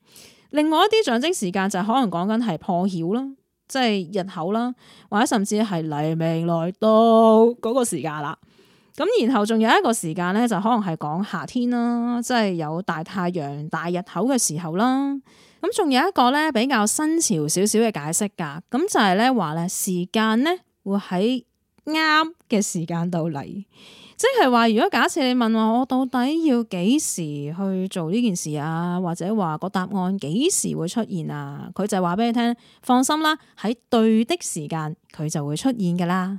另外一啲象徵時間就可能講緊係破曉啦，即係日口啦，或者甚至係黎明來到嗰個時間啦。咁然後仲有一個時間咧，就可能係講夏天啦，即係有大太陽、大日頭嘅時候啦。咁仲有一個咧比較新潮少少嘅解釋噶，咁就係咧話咧時間咧會喺啱嘅時間到嚟，即係話如果假設你問我，我到底要幾時去做呢件事啊，或者話個答案幾時會出現啊，佢就話俾你聽，放心啦，喺對的時間佢就會出現噶啦。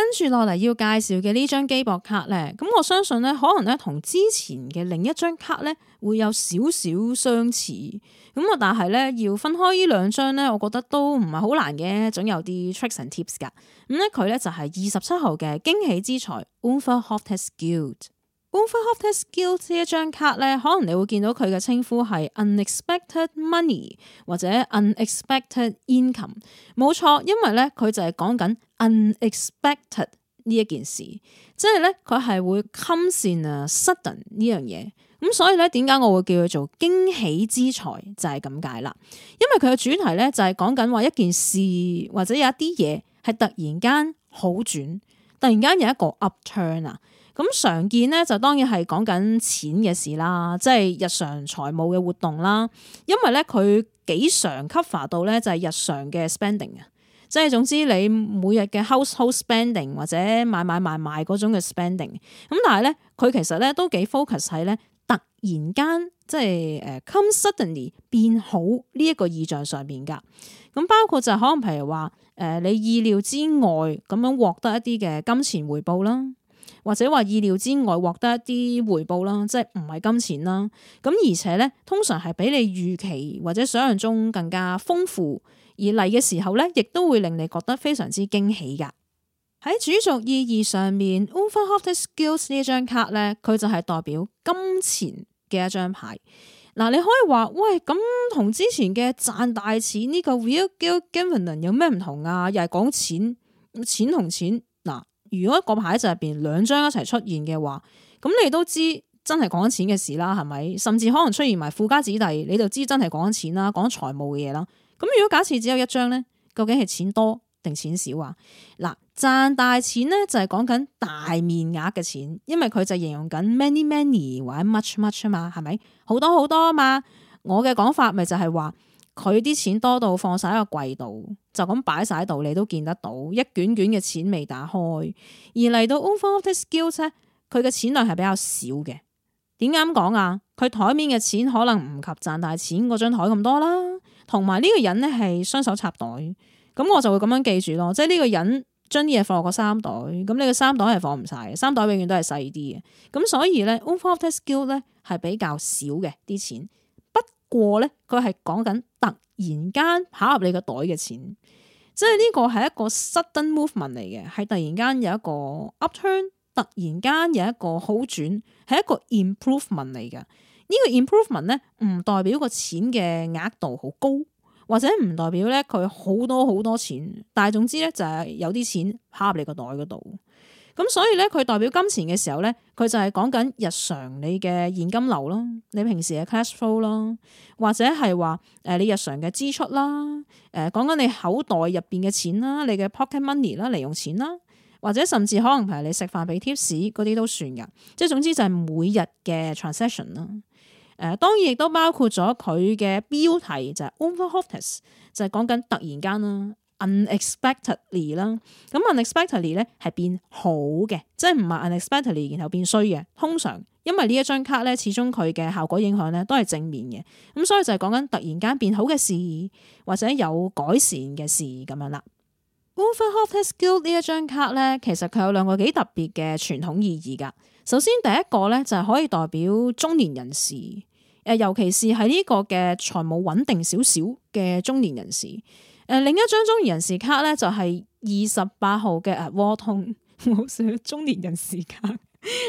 跟住落嚟要介紹嘅呢張機博卡咧，咁我相信咧，可能咧同之前嘅另一張卡咧會有少少相似，咁啊，但係咧要分開呢兩張咧，我覺得都唔係好難嘅，總有啲 tricks and tips 噶。咁咧，佢咧就係二十七號嘅驚喜之才 Unferth has good。Gopher test 本分 l 泰嘅一張卡咧，可能你會見到佢嘅稱呼係 unexpected money 或者 unexpected income，冇錯，因為咧佢就係講緊 unexpected 呢、就是、一件事，即係咧佢係會 come sudden 呢樣嘢，咁所以咧點解我會叫佢做驚喜之財」？就係咁解啦，因為佢嘅主題咧就係講緊話一件事或者有一啲嘢係突然間好轉，突然間有一個 upturn 啊。咁常見咧，就當然係講緊錢嘅事啦，即係日常財務嘅活動啦。因為咧，佢幾常 cover 到咧，就係日常嘅 spending 啊，即係總之你每日嘅 household spending 或者買買買買嗰種嘅 spending。咁但係咧，佢其實咧都幾 focus 喺咧突然間即係、就、誒、是、come suddenly 變好呢一個意象上面㗎。咁包括就可能譬如話誒，你意料之外咁樣獲得一啲嘅金錢回報啦。或者話意料之外獲得一啲回報啦，即係唔係金錢啦，咁而且呢，通常係比你預期或者想象中更加豐富。而嚟嘅時候呢，亦都會令你覺得非常之驚喜嘅。喺主軸意義上面，Unfolding Skills 呢張卡呢，佢就係代表金錢嘅一張牌。嗱，你可以話喂，咁同之前嘅賺大錢呢個 Wheel Skill Gathering 有咩唔同啊？又係講錢，錢同錢。如果個牌就入邊兩張一齊出現嘅話，咁你都知真係講緊錢嘅事啦，係咪？甚至可能出現埋富家子弟，你就知真係講緊錢啦，講緊財務嘅嘢啦。咁如果假設只有一張咧，究竟係錢多定錢少啊？嗱，賺大錢咧就係講緊大面額嘅錢，因為佢就形容緊 many many 或者 much much 啊嘛，係咪？好多好多啊嘛，我嘅講法咪就係話。佢啲錢多到放晒喺個櫃度，就咁擺晒喺度，你都見得到一卷卷嘅錢未打開。而嚟到 Unfortunates Skills 咧，佢嘅錢量係比較少嘅。點解咁講啊？佢台面嘅錢可能唔及賺大錢嗰張台咁多啦。同埋呢個人呢係雙手插袋，咁我就會咁樣記住咯。即係呢個人將啲嘢放落個三袋，咁你個三袋係放唔晒嘅，三袋永遠都係細啲嘅。咁所以呢，Unfortunates Skills 咧係比較少嘅啲錢。過咧，佢係講緊突然間跑入你個袋嘅錢，即係呢個係一個 sudden movement 嚟嘅，係突然間有一個 upturn，突然間有一個好轉，係一個 improvement 嚟嘅。呢個 improvement 咧，唔代表個錢嘅額度好高，或者唔代表咧佢好多好多錢，但係總之咧就係有啲錢跑入你個袋嗰度。咁所以咧，佢代表金錢嘅時候咧，佢就係講緊日常你嘅現金流咯，你平時嘅 cash flow 咯，或者係話誒你日常嘅支出啦，誒講緊你口袋入邊嘅錢啦，你嘅 pocket money 啦，零用錢啦，或者甚至可能係你食飯俾貼士嗰啲都算噶，即係總之就係每日嘅 transaction 啦。誒當然亦都包括咗佢嘅標題就係、是、overnight，就係講緊突然間啦。unexpectedly 啦，咁 unexpectedly 咧係變好嘅，即係唔係 unexpectedly 然後變衰嘅。通常因為呢一張卡咧，始終佢嘅效果影響咧都係正面嘅，咁所以就係講緊突然間變好嘅事或者有改善嘅事咁樣啦。Wolfenhofer Skill 呢一張卡咧，其實佢有兩個幾特別嘅傳統意義噶。首先第一個咧就係、是、可以代表中年人士，誒，尤其是喺呢個嘅財務穩定少少嘅中年人士。誒，另一張中年人士卡咧，就係二十八號嘅，誒，沃通我好少中年人士卡，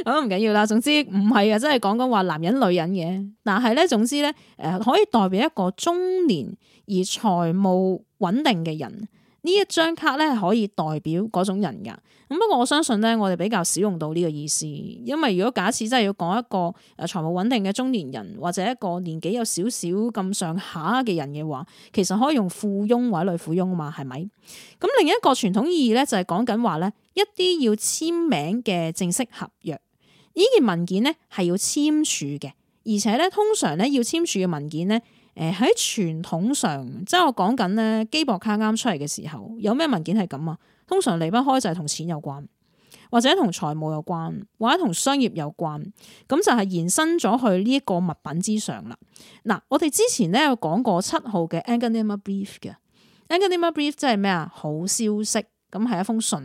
好唔緊要啦。總之唔係啊，即係講講話男人女人嘅，但係咧，總之咧，誒可以代表一個中年而財務穩定嘅人。呢一張卡咧係可以代表嗰種人噶，咁不過我相信咧，我哋比較少用到呢個意思，因為如果假設真係要講一個誒財務穩定嘅中年人，或者一個年紀有少少咁上下嘅人嘅話，其實可以用「附庸」或者「類附庸」啊嘛，係咪？咁另一個傳統意義咧就係講緊話咧，一啲要簽名嘅正式合約，呢件文件咧係要簽署嘅，而且咧通常咧要簽署嘅文件咧。誒喺、呃、傳統上，即係我講緊咧，機博卡啱出嚟嘅時候，有咩文件係咁啊？通常離不開就係同錢有關，或者同財務有關，或者同商業有關，咁就係延伸咗去呢一個物品之上啦。嗱，我哋之前咧有講過七號嘅 Anganima Brief 嘅 Anganima Brief，即係咩啊？好消息。咁係一封信，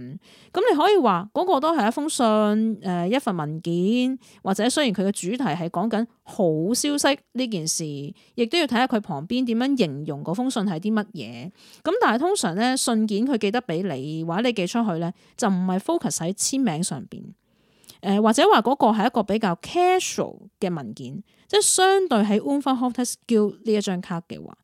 咁你可以話嗰、那個都係一封信，誒、呃、一份文件，或者雖然佢嘅主題係講緊好消息呢件事，亦都要睇下佢旁邊點樣形容嗰封信係啲乜嘢。咁但係通常呢，信件佢記得俾你或者你寄出去呢，就唔係 focus 喺簽名上邊，誒、呃、或者話嗰個係一個比較 casual 嘅文件，即係相對喺 Unfair Hotels 叫呢一張卡嘅話。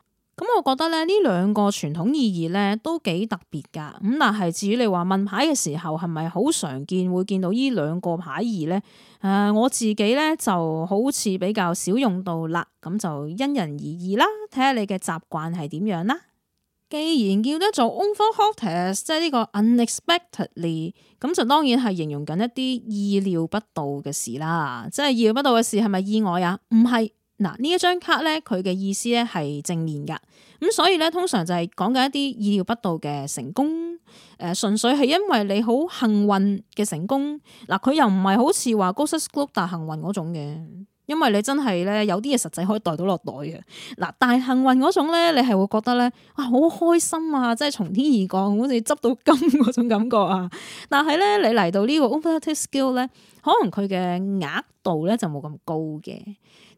咁我覺得咧，呢兩個傳統意義咧都幾特別噶。咁但係至於你話問牌嘅時候係咪好常見會見到呢兩個牌意咧？誒、呃，我自己咧就好似比較少用到啦。咁就因人而異啦，睇下你嘅習慣係點樣啦。既然叫得做 unfortunate，即係呢個 unexpectedly，咁就當然係形容緊一啲意料不到嘅事啦。即係意料不到嘅事係咪意外啊？唔係。嗱呢一張卡咧，佢嘅意思咧係正面噶，咁所以咧通常就係講緊一啲意料不到嘅成功。誒、呃，純粹係因為你好幸運嘅成功嗱，佢、呃、又唔係好似話高失 skool 大幸運嗰種嘅，因為你真係咧有啲嘢實際可以到袋到落袋嘅嗱。大幸運嗰種咧，你係會覺得咧哇好開心啊，即係從天而降，好似執到金嗰種感覺啊。但係咧，你嚟到呢個 overly skill 咧，可能佢嘅額度咧就冇咁高嘅。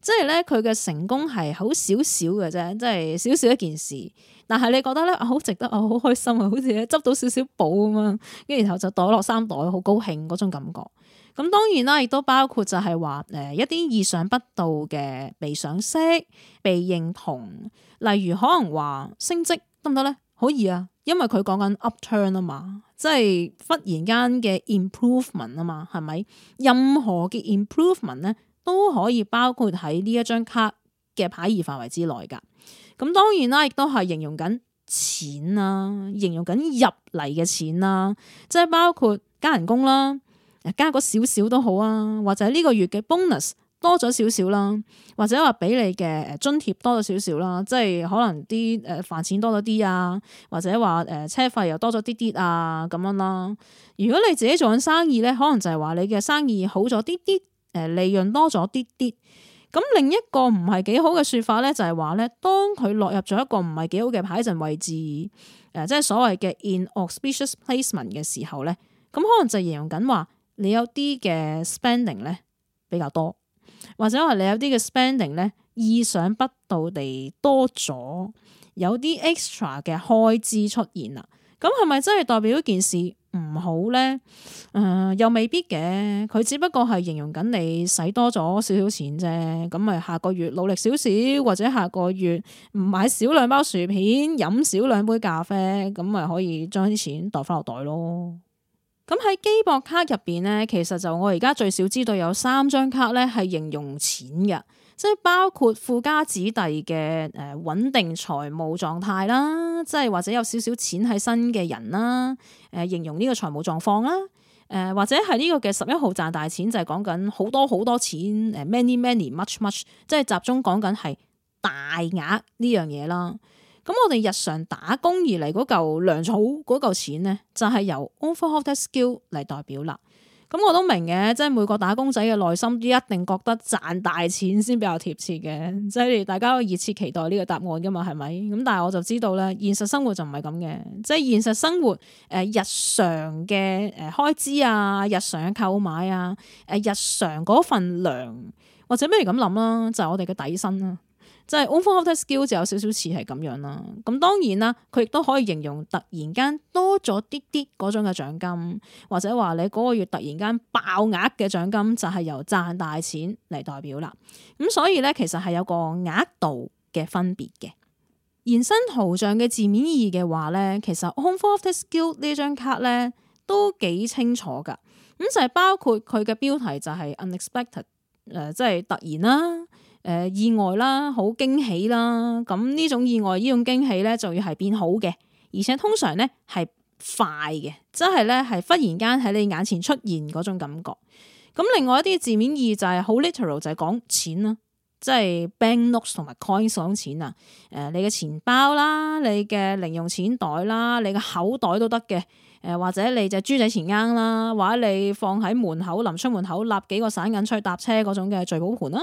即係咧，佢嘅成功係好少少嘅啫，即係少少一件事。但係你覺得咧，好值得啊，好，好開心啊，好似咧執到少少寶咁樣，跟住然後就袋落衫袋，好高興嗰種感覺。咁、嗯、當然啦，亦都包括就係話誒一啲意想不到嘅被賞識、被認同，例如可能話升職得唔得咧？可以啊，因為佢講緊 upturn 啊嘛，即係忽然間嘅 improvement 啊嘛，係咪？任何嘅 improvement 咧？都可以包括喺呢一張卡嘅牌義範圍之內噶。咁當然啦，亦都係形容緊錢啦、啊，形容緊入嚟嘅錢啦、啊，即係包括加人工啦，加個少少都好啊，或者呢個月嘅 bonus 多咗少少啦，或者話俾你嘅津貼多咗少少啦，即係可能啲誒飯錢多咗啲啊，或者話誒、呃、車費又多咗啲啲啊咁樣啦。如果你自己做緊生意咧，可能就係話你嘅生意好咗啲啲。誒利潤多咗啲啲，咁另一個唔係幾好嘅説法咧，就係話咧，當佢落入咗一個唔係幾好嘅排陣位置，誒即係所謂嘅 inauspicious placement 嘅時候咧，咁可能就形容緊話，你有啲嘅 spending 咧比較多，或者話你有啲嘅 spending 咧意想不到地多咗，有啲 extra 嘅開支出現啦，咁係咪真係代表一件事？唔好咧，誒、呃、又未必嘅，佢只不過係形容緊你使多咗少少錢啫，咁咪下個月努力少少，或者下個月唔買少兩包薯片，飲少兩杯咖啡，咁咪可以將啲錢袋翻落袋咯。咁喺機博卡入邊呢，其實就我而家最少知道有三張卡咧係形容錢嘅。即係包括富家子弟嘅誒穩定財務狀態啦，即係或者有少少錢喺身嘅人啦，誒形容呢個財務狀況啦，誒或者係呢個嘅十一號賺大錢就係講緊好多好多錢，誒 many many much much，即係集中講緊係大額呢樣嘢啦。咁我哋日常打工而嚟嗰嚿糧草，嗰嚿錢呢，就係由 overhold skill 嚟代表啦。咁我都明嘅，即係每個打工仔嘅內心都一定覺得賺大錢先比較貼切嘅，即係大家熱切期待呢個答案噶嘛，係咪？咁但係我就知道咧，現實生活就唔係咁嘅，即係現實生活誒日常嘅誒開支啊，日常嘅購買啊，誒日常嗰份糧或者咩咁諗啦，就係我哋嘅底薪啦。即係 unexpected skill 就有少少似係咁樣啦。咁當然啦，佢亦都可以形容突然間多咗啲啲嗰種嘅獎金，或者話你嗰個月突然間爆額嘅獎金，就係由賺大錢嚟代表啦。咁所以咧，其實係有個額度嘅分別嘅。延伸圖像嘅字面意義嘅話咧，其實 unexpected skill 呢張卡咧都幾清楚㗎。咁就係包括佢嘅標題就係 unexpected，誒即係突然啦。誒、呃、意外啦，好驚喜啦！咁呢種意外，種驚呢種驚喜咧，就要係變好嘅，而且通常咧係快嘅，即係咧係忽然間喺你眼前出現嗰種感覺。咁另外一啲字面意義就係、是、好 literal，就係講錢啦，即係 banknotes 同埋 coins 講錢啊。誒、呃，你嘅錢包啦，你嘅零用錢袋啦，你嘅口袋都得嘅。誒、呃，或者你隻豬仔錢罌啦，或者你放喺門口，臨出門口立幾個散銀出去搭車嗰種嘅聚寶盆啦。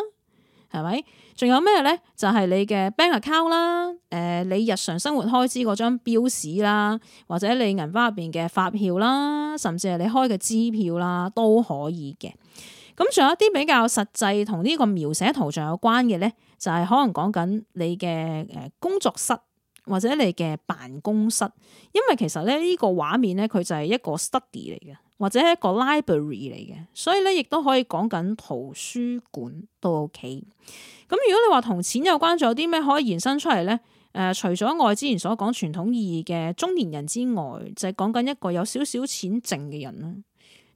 係咪？仲有咩咧？就係、是、你嘅 bank account 啦，誒，你日常生活開支嗰張表紙啦，或者你銀包入邊嘅發票啦，甚至係你開嘅支票啦，都可以嘅。咁仲有一啲比較實際同呢個描寫圖像有關嘅咧，就係、是、可能講緊你嘅誒工作室，或者你嘅辦公室，因為其實咧，呢個畫面咧，佢就係一個 study 嚟嘅，或者係一個 library 嚟嘅，所以咧亦都可以講緊圖書館都 OK。咁如果你話同錢有關，仲有啲咩可以延伸出嚟咧？誒、呃，除咗我之前所講傳統意義嘅中年人之外，就係講緊一個有少少錢剩嘅人啦。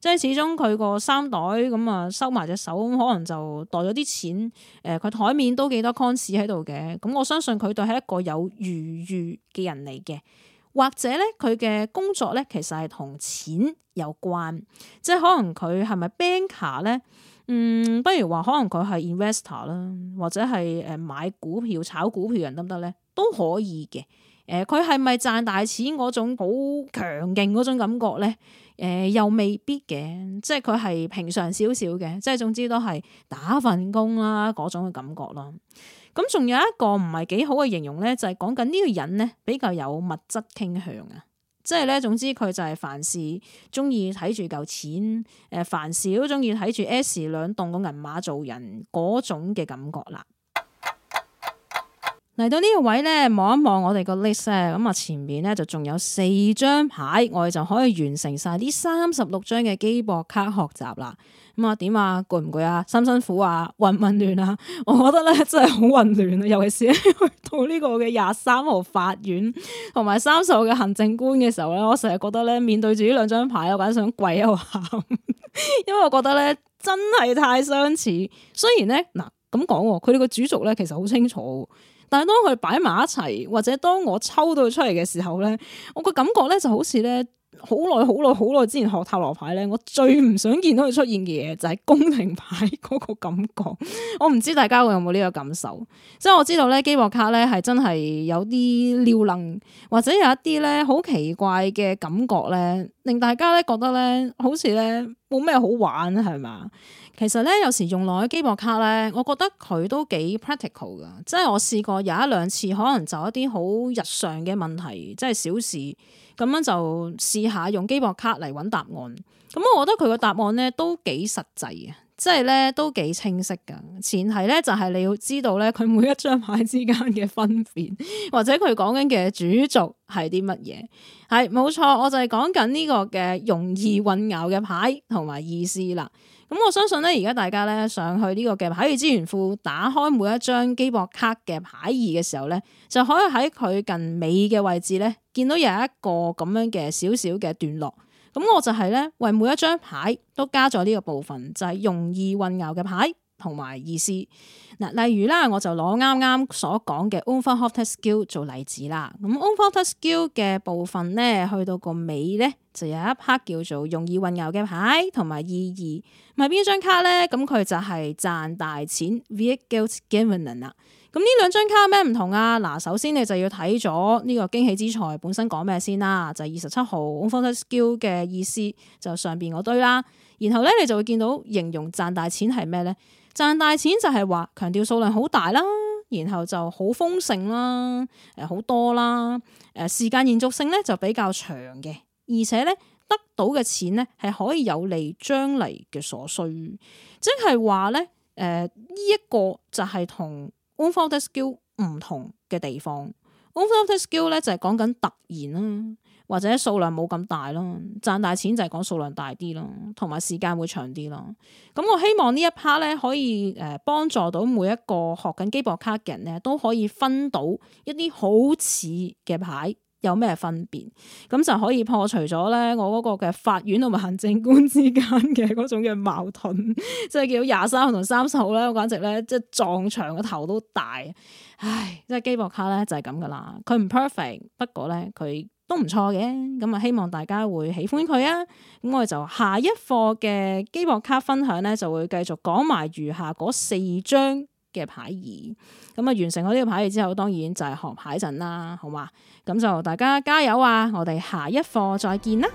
即係始終佢個衫袋咁啊收埋隻手咁，可能就袋咗啲錢。誒、呃，佢台面都幾多 cons 喺度嘅。咁我相信佢對係一個有餘裕嘅人嚟嘅，或者咧佢嘅工作咧其實係同錢有關。即係可能佢係咪 banker 咧？嗯，不如話可能佢係 investor 啦，或者係誒買股票炒股票人得唔得咧？都可以嘅。誒佢係咪賺大錢嗰種好強勁嗰種感覺咧？誒、呃、又未必嘅，即係佢係平常少少嘅，即係總之都係打份工啦、啊、嗰種嘅感覺咯。咁仲有一個唔係幾好嘅形容咧，就係講緊呢個人咧比較有物質傾向啊，即係咧總之佢就係凡事鍾意睇住嚿錢，誒、呃、凡事都鍾意睇住 S 兩棟個銀碼做人嗰種嘅感覺啦。嚟到呢個位咧，望一望我哋個 list 咁啊，前面咧就仲有四張牌，我哋就可以完成晒呢三十六張嘅機博卡學習啦。咁啊，點啊，攰唔攰啊，辛辛苦啊，混唔混亂啊？我覺得咧真係好混亂啊，尤其是去到呢個嘅廿三號法院同埋三十號嘅行政官嘅時候咧，我成日覺得咧面對住呢兩張牌，我想鬼想跪喺度喊，因為我覺得咧真係太相似。雖然咧嗱咁講，佢哋個主軸咧其實好清楚。但係當佢擺埋一齊，或者當我抽到佢出嚟嘅時候咧，我個感覺咧就好似咧好耐好耐好耐之前學塔羅牌咧，我最唔想見到佢出現嘅嘢就係「宮廷牌」嗰個感覺。 我唔知大家會有冇呢個感受。即係我知道咧，基博卡咧係真係有啲撩楞，或者有一啲咧好奇怪嘅感覺咧，令大家咧覺得咧好似咧冇咩好玩係嘛？其實咧，有時用落去機博卡咧，我覺得佢都幾 practical 噶。即係我試過有一兩次，可能就一啲好日常嘅問題，即係小事咁樣就試下用機博卡嚟搵答案。咁我覺得佢個答案咧都幾實際啊，即係咧都幾清晰噶。前提咧就係你要知道咧，佢每一張牌之間嘅分別，或者佢講緊嘅主軸係啲乜嘢。係，冇錯。我就係講緊呢個嘅容易混淆嘅牌同埋意思啦。咁我相信咧，而家大家咧上去呢個嘅牌意資源庫，打開每一張機博卡嘅牌意嘅時候咧，就可以喺佢近尾嘅位置咧，見到有一個咁樣嘅小小嘅段落。咁我就係咧為每一張牌都加咗呢個部分，就係容易混淆嘅牌。同埋意思嗱，例如啦，我就攞啱啱所講嘅 Unfalter Skill 做例子啦。咁 Unfalter Skill 嘅部分呢，去到個尾呢，就有一 part 叫做容易混淆嘅牌同埋意義。咁係邊張卡呢？咁佢就係賺大錢 Vigil Gainer 啦。咁呢兩張卡咩唔同啊？嗱，首先你就要睇咗呢個驚喜之財本身講咩先啦。就係二十七號 Unfalter Skill 嘅意思，就上邊嗰堆啦。然後呢，你就會見到形容賺大錢係咩呢？賺大錢就係話強調數量好大啦，然後就好豐盛啦，誒、呃、好多啦，誒時間延續性咧就比較長嘅，而且咧得到嘅錢咧係可以有利將嚟嘅所需，即係話咧誒呢一個就係同 unforeseen skill 唔同嘅地方。unforeseen skill 咧就係講緊突然啦。或者數量冇咁大咯，賺大錢就係講數量大啲咯，同埋時間會長啲咯。咁我希望呢一 part 咧，可以誒、呃、幫助到每一個學緊機博卡嘅人咧，都可以分到一啲好似嘅牌，有咩分別？咁就可以破除咗咧我嗰個嘅法院同埋行政官之間嘅嗰種嘅矛盾。即係 叫廿三號同三十號咧，我簡直咧即係撞牆個頭都大。唉，即係機博卡咧就係咁噶啦，佢唔 perfect，不過咧佢，都唔錯嘅，咁啊希望大家會喜歡佢啊！咁我哋就下一課嘅基博卡分享呢，就會繼續講埋餘下嗰四張嘅牌意，咁啊完成咗呢個牌意之後，當然就係學牌陣啦，好嘛？咁就大家加油啊！我哋下一課再見啦。